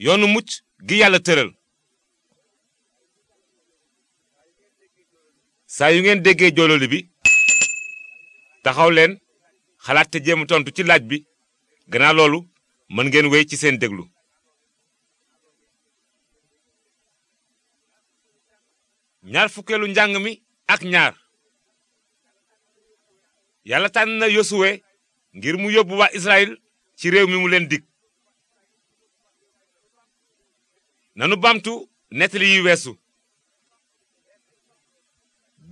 yoonu mucc gi yàlla tëral saa yu ngeen déggee joololi bi taxaw leen xalaat te jéem tontu ci laaj bi gannaaw loolu mën ngeen wéy ci seen déglu ñaar fukkeelu njàng mi ak ñaar yàlla tànn na yosuwe ngir mu yóbbu waa Israël ci réew mi mu leen dig nanu bamtu nettali yi weesu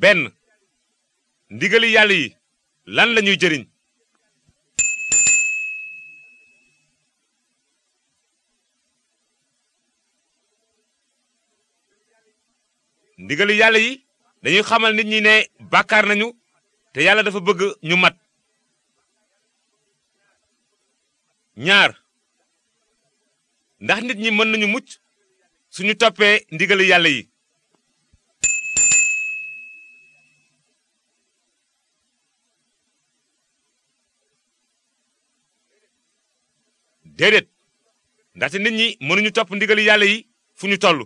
benn ndigali yàlla yi lan lañuy jëriñ ndigali yàlla yi dañuy xamal nit ñi ne bàkkaar nañu te yàlla dafa bëgg ñu mat ñaar ndax nit ñi mën nañu mucc suñu toppee ndigali yàlla yi déedéet ndaxte nit ñi mënuñu topp ndigali yàlla yi fu ñu toll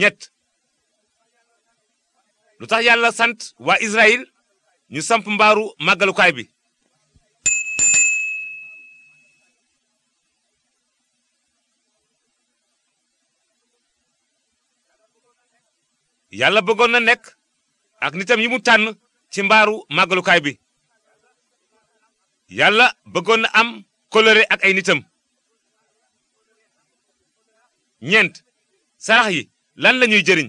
ñett lu tax yàlla sant waa Israël ñu samp mbaaru màggalukaay bi yàlla bëggoon na nekk ak nitam yi mu tànn ci mbaaru màggalukaay bi yàlla bëggoon na am kóllëre ak ay nitam ñeent sarax yi lan ñuy jëriñ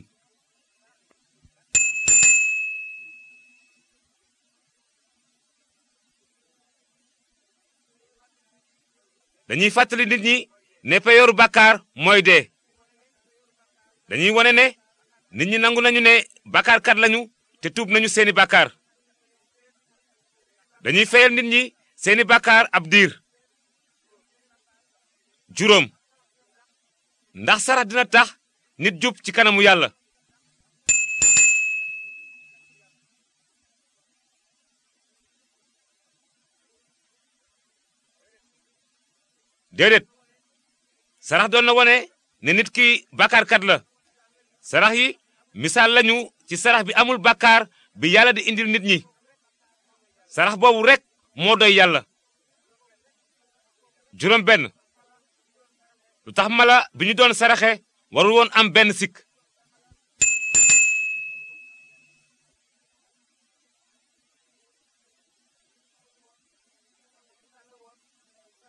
dañuy fàttali nit ñi ne peyooru bàkkaar mooy dee dañuy wone ne nit ñi nangu nañu ne bàkkaarkat lañu te tuub nañu seeni bàkkaar dañuy fayal nit ñi seeni bàkkaar ab diir juróom ndax sarax dina tax nit jub ci kanamu yàlla déedéet sarax doon na wone ne nit ki bàkkaarkat la sarax yi misaal lañu ci sarax bi amul bàkkaar bi yàlla di indil nit ñi sarax boobu rekk moo doy yàlla juróom benn lu tax mala bi ñu doon saraxe warul woon am benn sikk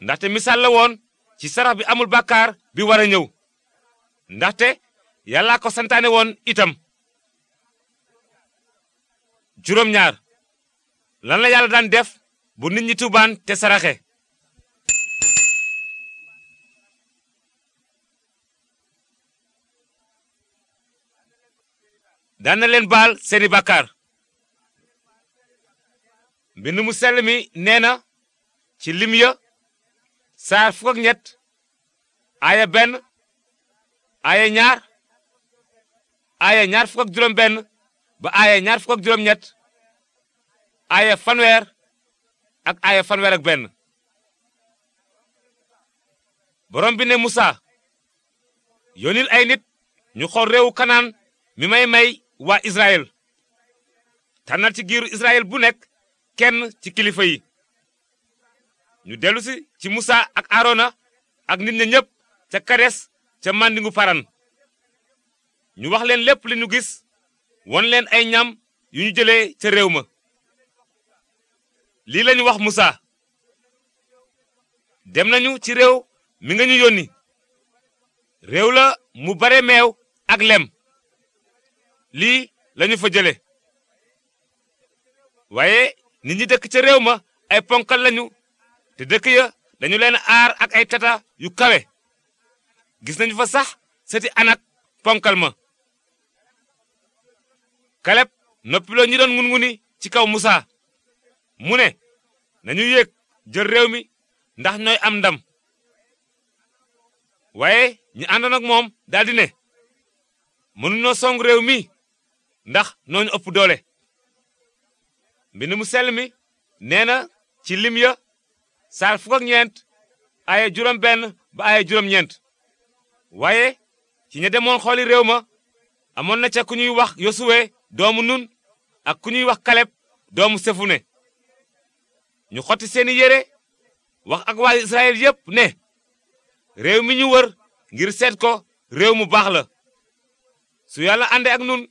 ndaxte misaal la woon ci sarax bi amul bàkkaar bi war a ñëw ndaxte yàllaa ko santaane woon itam juróom-ñaar lan la yàlla daan def bu nit ñi tuubaan te saraxe daan leen baal seeni bàkkaar mbind mu sell mi nee na ci lim ya saar fukk ak ñett aaya benn aaya ñaar aaya ñaar fukk ak juróom benn ba aaya ñaar fukk juróom ñett aaya fanweer ak aaya fanweer benn borom bi ne Musaa yónnil ay nit ñu xool réewu kanaan mi may may waa Israël tànnal ci giiru Israël bu nekk kenn ci kilifa yi ñu dellusi ci Musaa ak Aarona ak nit ña ñëpp ca Kadees ca màndingu Paran ñu wax leen lépp li ñu gis won leen ay ñam yu ñu jëlee ca réew ma lii lañu wax Musa dem nañu ci réew mi nga ñu yónni réew la mu bare meew ak lem lii lañu fa jële waaye nit ñi dëkk ca réew ma ay ponkal lañu te dëkk ya dañu leen aar ak ay tata yu kawe gis nañu fa sax seti anak ponkal ma kaleb noppiloo ñi doon ngun-nguni ci kaw musa mu ne nañu yéeg jël réew mi ndax ñooy am ndam waaye ñu àndoon ak moom daldi ne mënuñoo song réew mi ndax nooñu ëpp doole mbind mu sell mi nee na ci lim ya saar fukk ñeent aaye juróom benn ba aaye juróom ñeent waaye ci ña demoon xooli réew ma amoon na ca ku ñuy wax yosuwe doomu nun ak ku ñuy wax kaleb doomu sefune ñu xotti seeni yére wax ak waa israel yépp ne réew mi ñu wër ngir seet ko réew mu baax la su yàlla ànde ak nun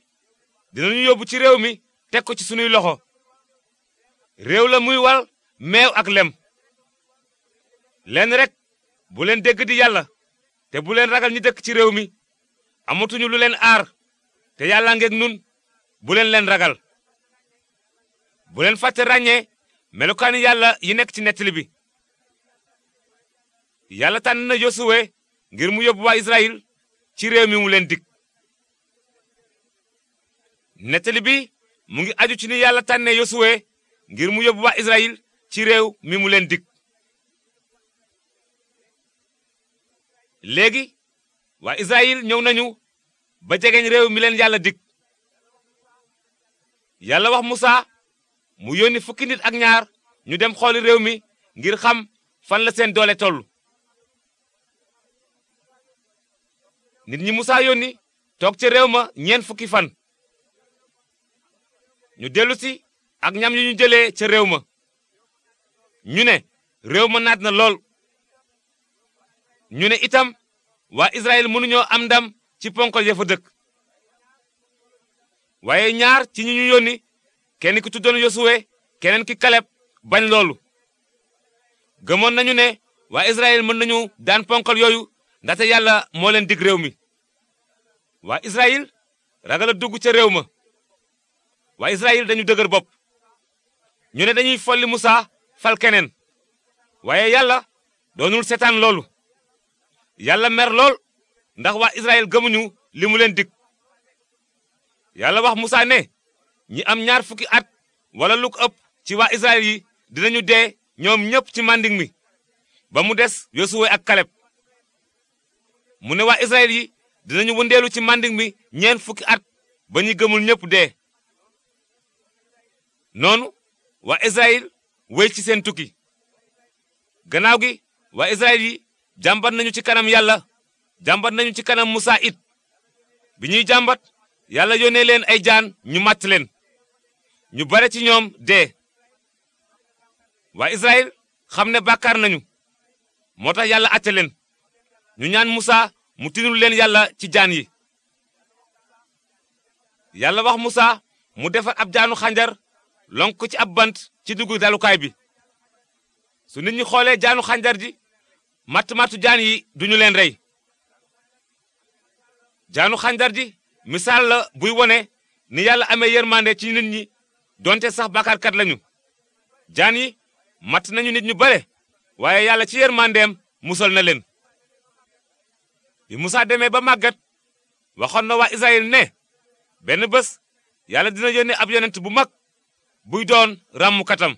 dinañu yóbbu ci réew mi teg ko ci sunuy loxo réew la muy wal meew ak lem lenn rek bu leen dégg di yàlla te bu leen ragal ñu dëkk ci réew mi amatuñu lu leen aar te yàlla ngeeg nun bu leen ragal bu leen fàtte ràññee melokaani yàlla yi nekk ci nettali bi yàlla tànn na yosuwe ngir mu yóbbu waa israyil ci réew mi mu leen dig nettali bi mu ngi aju ci ni yàlla tànnee yosuwe ngir mu yóbbu waa israyil ci réew mi mu leen dig léegi waa israyil ñëw nañu ba jegeñ réew mi leen yàlla dik yàlla wax Musaa mu yónni fukki nit ak ñaar ñu dem xooli réew mi ngir xam fan la seen doole toll. nit ñi Musaa yónni toog ca réew ma ñeent fukki fan ñu dellu si ak ñam yu ñu jëlee ca réew ma ñu ne réew ma naat na lool ñu ne itam waa Israël mënuñoo am ndam ci ponkol ya fa dëkk waaye ñaar ci ñi ñu yónni kenn ki tuddoon yosuwe keneen ki kaleb bañ loolu gëmoon nañu ne waa israel mën nañu daan ponkal yooyu ndaxte yàlla moo leen dig réew mi waa israel ragal dugg ca réew ma waa israel dañu dëgër bopp ñu ne dañuy folli musa fal keneen waaye yàlla doonul seetaan loolu yàlla mer lool ndax waa israel gëmuñu li mu leen dig yàlla wax Musaa ne ñi am ñaar fukki at wala lu ëpp ci waa Israël yi dinañu dee ñoom ñépp ci manding mi ba mu des Yosuwe ak Kaleb mu ne waa Israël yi dinañu wëndeelu ci manding mi ñeent fukki at ba ñi gëmul ñépp dee noonu waa Israël wéy ci seen tukki gannaaw gi waa Israël yi jàmbat nañu ci kanam yàlla jàmbat nañu ci kanam Musaa it bi ñuy jàmbat yàlla yónnee leen ay jaan ñu màtt leen ñu bare ci ñoom dee waa Israël xam ne bàkkaar nañu moo tax yàlla àtte leen ñu ñaan Musa mu tinul leen yàlla ci jaan yi yàlla wax Musa mu defar ab jaanu xànjar lonk ci ab bant ci dugg dalukaay bi su nit ñi xoolee jaanu xanjar ji matt mattu jaan yi duñu leen rey ji misaal la buy wone ni yàlla amee yërmande ci nit ñi donte sax bàkkaarkat lañu jaan yi matt nañu nit ñu bare waaye yàlla ci yërmandeem musal na leen bi musaa demee ba màggat waxoon na waa israyil ne benn bës yàlla dina yónnee ab yonent bu mag buy doon ràmmkatam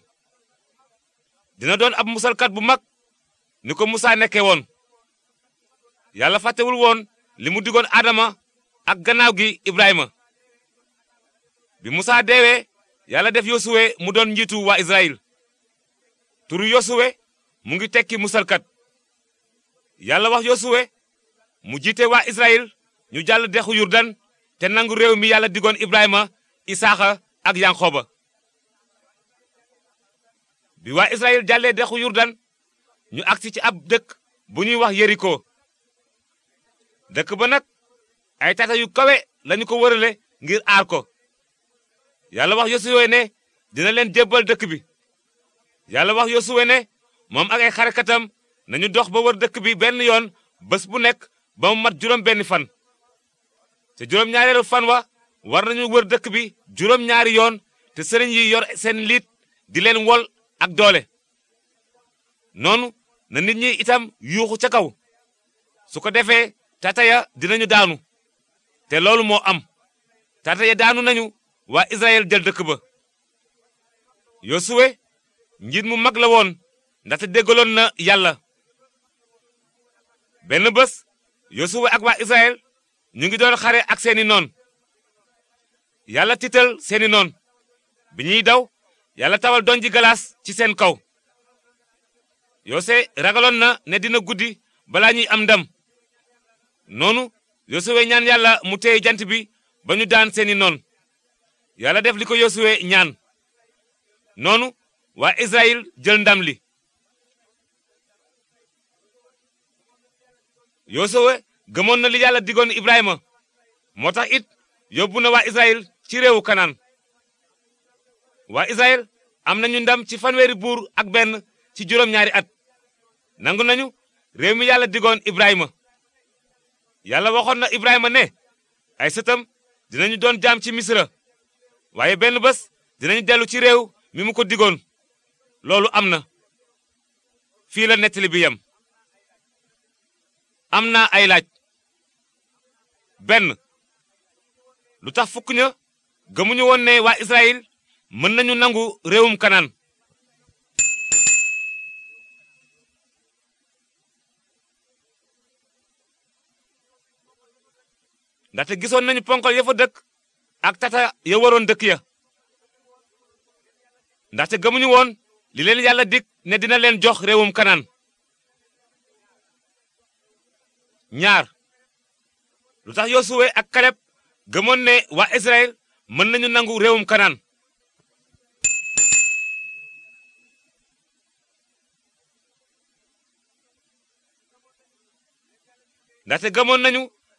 dina doon ab musalkat bu mag ni ko musaa nekke woon yàlla woon li mu digoon ak gannaaw gi Ibrahima bi Musa deewee yàlla def Yosuwe mu doon njiitu waa Israël turu Yosuwe mu ngi tekki musalkat yàlla wax Yosuwe mu jiite waa Israël ñu jàll dexu Yurdan te nangu réew mi yàlla digoon Ibrahima Isaaxa ak Yanqoba bi waa Israël jàllee dexu Yurdan ñu agsi ci ab dëkk bu ñuy wax Yeriko dëkk ba nag ay tata yu kawe lañu ko wërale ngir aar ko yàlla wax yosuwe ne dina leen jébbal dëkk bi yàlla wax yosuwe wene moom ak ay xarekatam nañu dox ba wër dëkk bi benn yoon bés bu nekk ba mu mat juróom benn fan te juróom-ñaareelu fan wa war nañu wër dëkk bi juróom-ñaari yoon te sëriñ yi yor seen liit di leen wol ak doole noonu na nit ñi itam yuuxu ca kaw su ko defee tata ya dinañu daanu te loolu moo am tata ya daanu nañu waa Israël jël dëkk ba yosuwe njiit mu mag la woon ndaxte déggaloon na yàlla benn bés yosuwe ak waa Israël ñu ngi doon xare ak seeni noon yàlla tiital seeni noon bi ñuy daw yàlla tawal doon ji galaas ci seen kaw yose ragaloon na ne dina guddi balaa ñuy am ndam noonu yosuwe ñaan yàlla mu téye jant bi ba daan seeni noon yàlla def li ko yosuwe ñaan noonu waa israyil jël ndam li yosuwe gëmoon na li yàlla digoon ibrahima moo tax it yóbbu na waa israyil ci réewu kanaan waa israyil am nañu ndam ci fanweeri buur ak benn ci juróom-ñaari at nangu nañu réew mi yàlla digoon ibrahima yàlla waxoon na Ibrahima ne ay sëtam dinañu doon jaam ci misra waaye benn bës dinañu dellu ci réew mi mu ko diggoon loolu am na fii la nettali bi yem am na ay laaj benn lu tax fukk ña gëmuñu woon ne waa Israël mën nañu nangu réewum kanaan ndaxte gisoon nañu ponkal ya fa dëkk ak tata ya waroon dëkk ya ndaxte gëmuñu woon li leen yàlla dik ne dina leen jox réewum kanaan ñaar lu tax yosuwe ak kaleb gëmoon ne waa israel mën nañu nangu réewum kanaan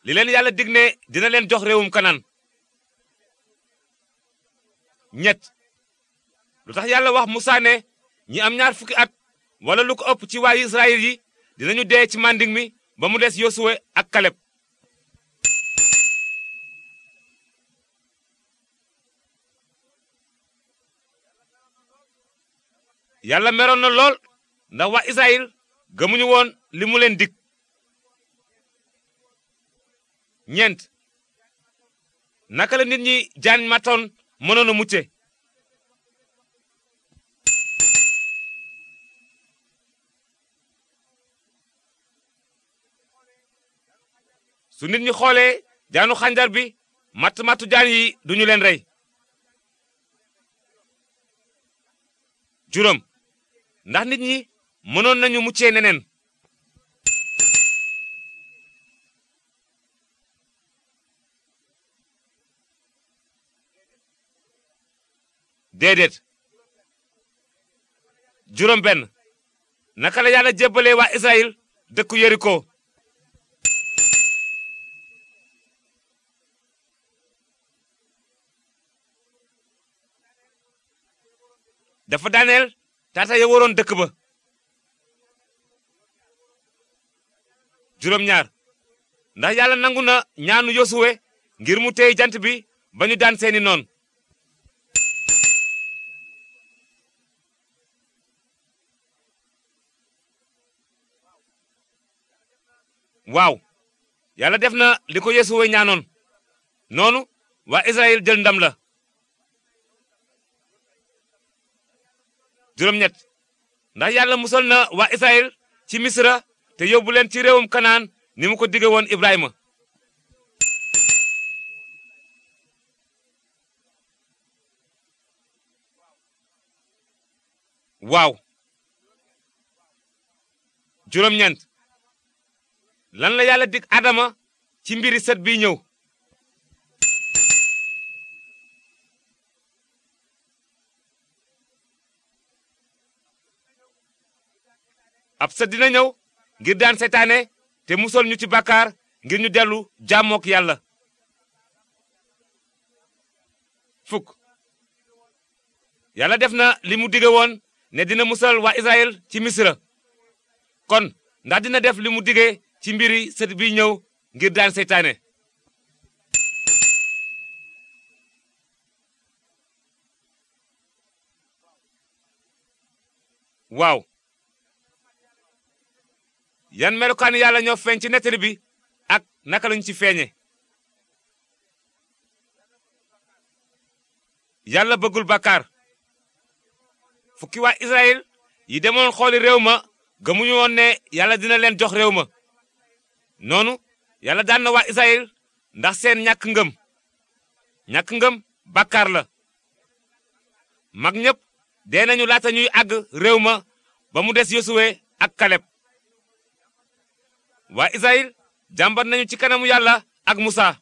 li leen yàlla dig ne dina leen jox réewum kanaan ñett lu tax yàlla wax musa ne ñi am ñaar fukki at wala lu ko ëpp ci waa israyil yi dinañu dee ci manding mi ba mu des yosuwe ak kaleb yàlla meroon na lool ndax waa israyil gëmuñu woon li mu leen dig ñeent naka la nit ñi jaan matoon mënoon a mucce su nit ñi xoolee jaanu xànjar bi matt mattu jaan yi duñu leen rey juróom ndax nit ñi mënoon nañu muccee neneen déedéet juróom benn naka la yàlla jébbalee waa Israël dëkk Yeriko dafa daaneel taata ya waroon dëkk ba juróom ñaar ndax yàlla nangu na ñaanu yosuwe ngir mu téye jant bi bañu daan seeni noon waaw yàlla def na li ko yeesuwa ñaanoon noonu waa israel jël ndam la juróom-ñett ndax yàlla musal na waa israel ci misra te yóbbu leen ci réewum kanaan ni mu ko dige woon ibrahima waaw lan la yàlla dig Adama ci mbiri set bi ñëw ab sët dina ñëw ngir daan seytaane te musal ñu ci bàkkaar ngir ñu dellu jàmmook yàlla fukk yàlla def na li mu dige woon ne dina musal wa Israël ci misra kon ndax dina def li mu dige ci mbiri sët bi ñëw ngir daan seytaane waaw yan melukaan yàlla ñoo feeñ ci nettali bi ak naka lañu ci feeñe yàlla bëggul bàkkaar fukki waa Israël yi demoon xooli réew ma gëmuñu woon ne yàlla dina leen jox réew ma noonu yàlla daan na waa Israyil ndax seen ñàkk ngëm ñàkk ngëm bàkkaar la mag ñépp dee nañu laata ñuy àgg réew ma ba mu des yosuwe ak kaleb waa Israyil jàmbat nañu ci kanamu yàlla ak musa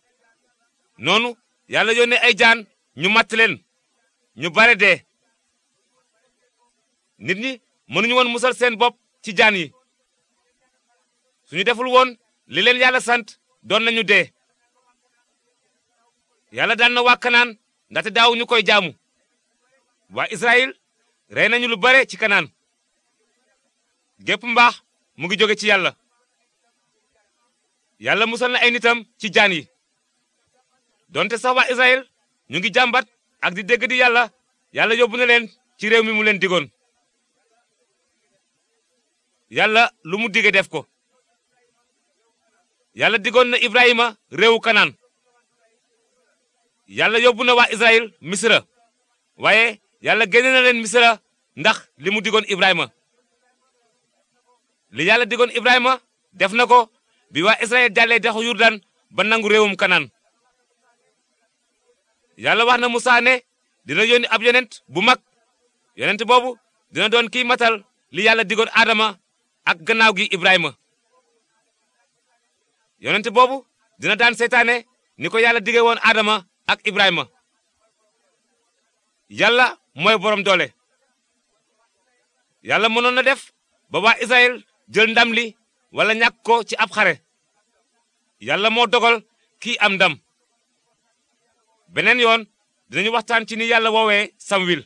noonu yàlla yónnee ay jaan ñu matt leen ñu bare dee nit ñi mënuñu woon musal seen bopp ci jaan yi suñu deful woon li leen yàlla sant doon nañu dee yàlla daan na waa kanaan ndaxte daaw ñu koy jaamu waa israyil rey nañu lu bare ci kanaan gépp mbaax mu ngi jóge ci yàlla yàlla musal na ay nitam ci jaan yi donte sax waa israyil ñu ngi jàmbat ak di dégg di yàlla yàlla yóbbu na leen ci réew mi mu leen digoon yàlla lu mu dige def ko yàlla digoon na Ibrahima réewu Kanaan yàlla yóbbu na waa Israël misra waaye yàlla génne na leen misra ndax li mu digoon Ibrahima li yàlla digoon Ibrahima def na ko bi waa Israël jàllee dexu Yurdaan ba nangu réewum Kanaan yàlla wax na Musaa ne dina yónni ab yonent bu mag yonent boobu dina doon kiy matal li yàlla digoon Adama ak gannaaw gi Ibrahima yonent boobu dina daan seytaane ni ko yàlla dige woon aadama ak ibrahima yàlla mooy borom doole yàlla mënoon na def ba waa israel jël ndam li wala ñàkk ko ci ab xare yàlla moo dogal kii am ndam beneen yoon dinañu waxtaan ci ni yàlla woowee wil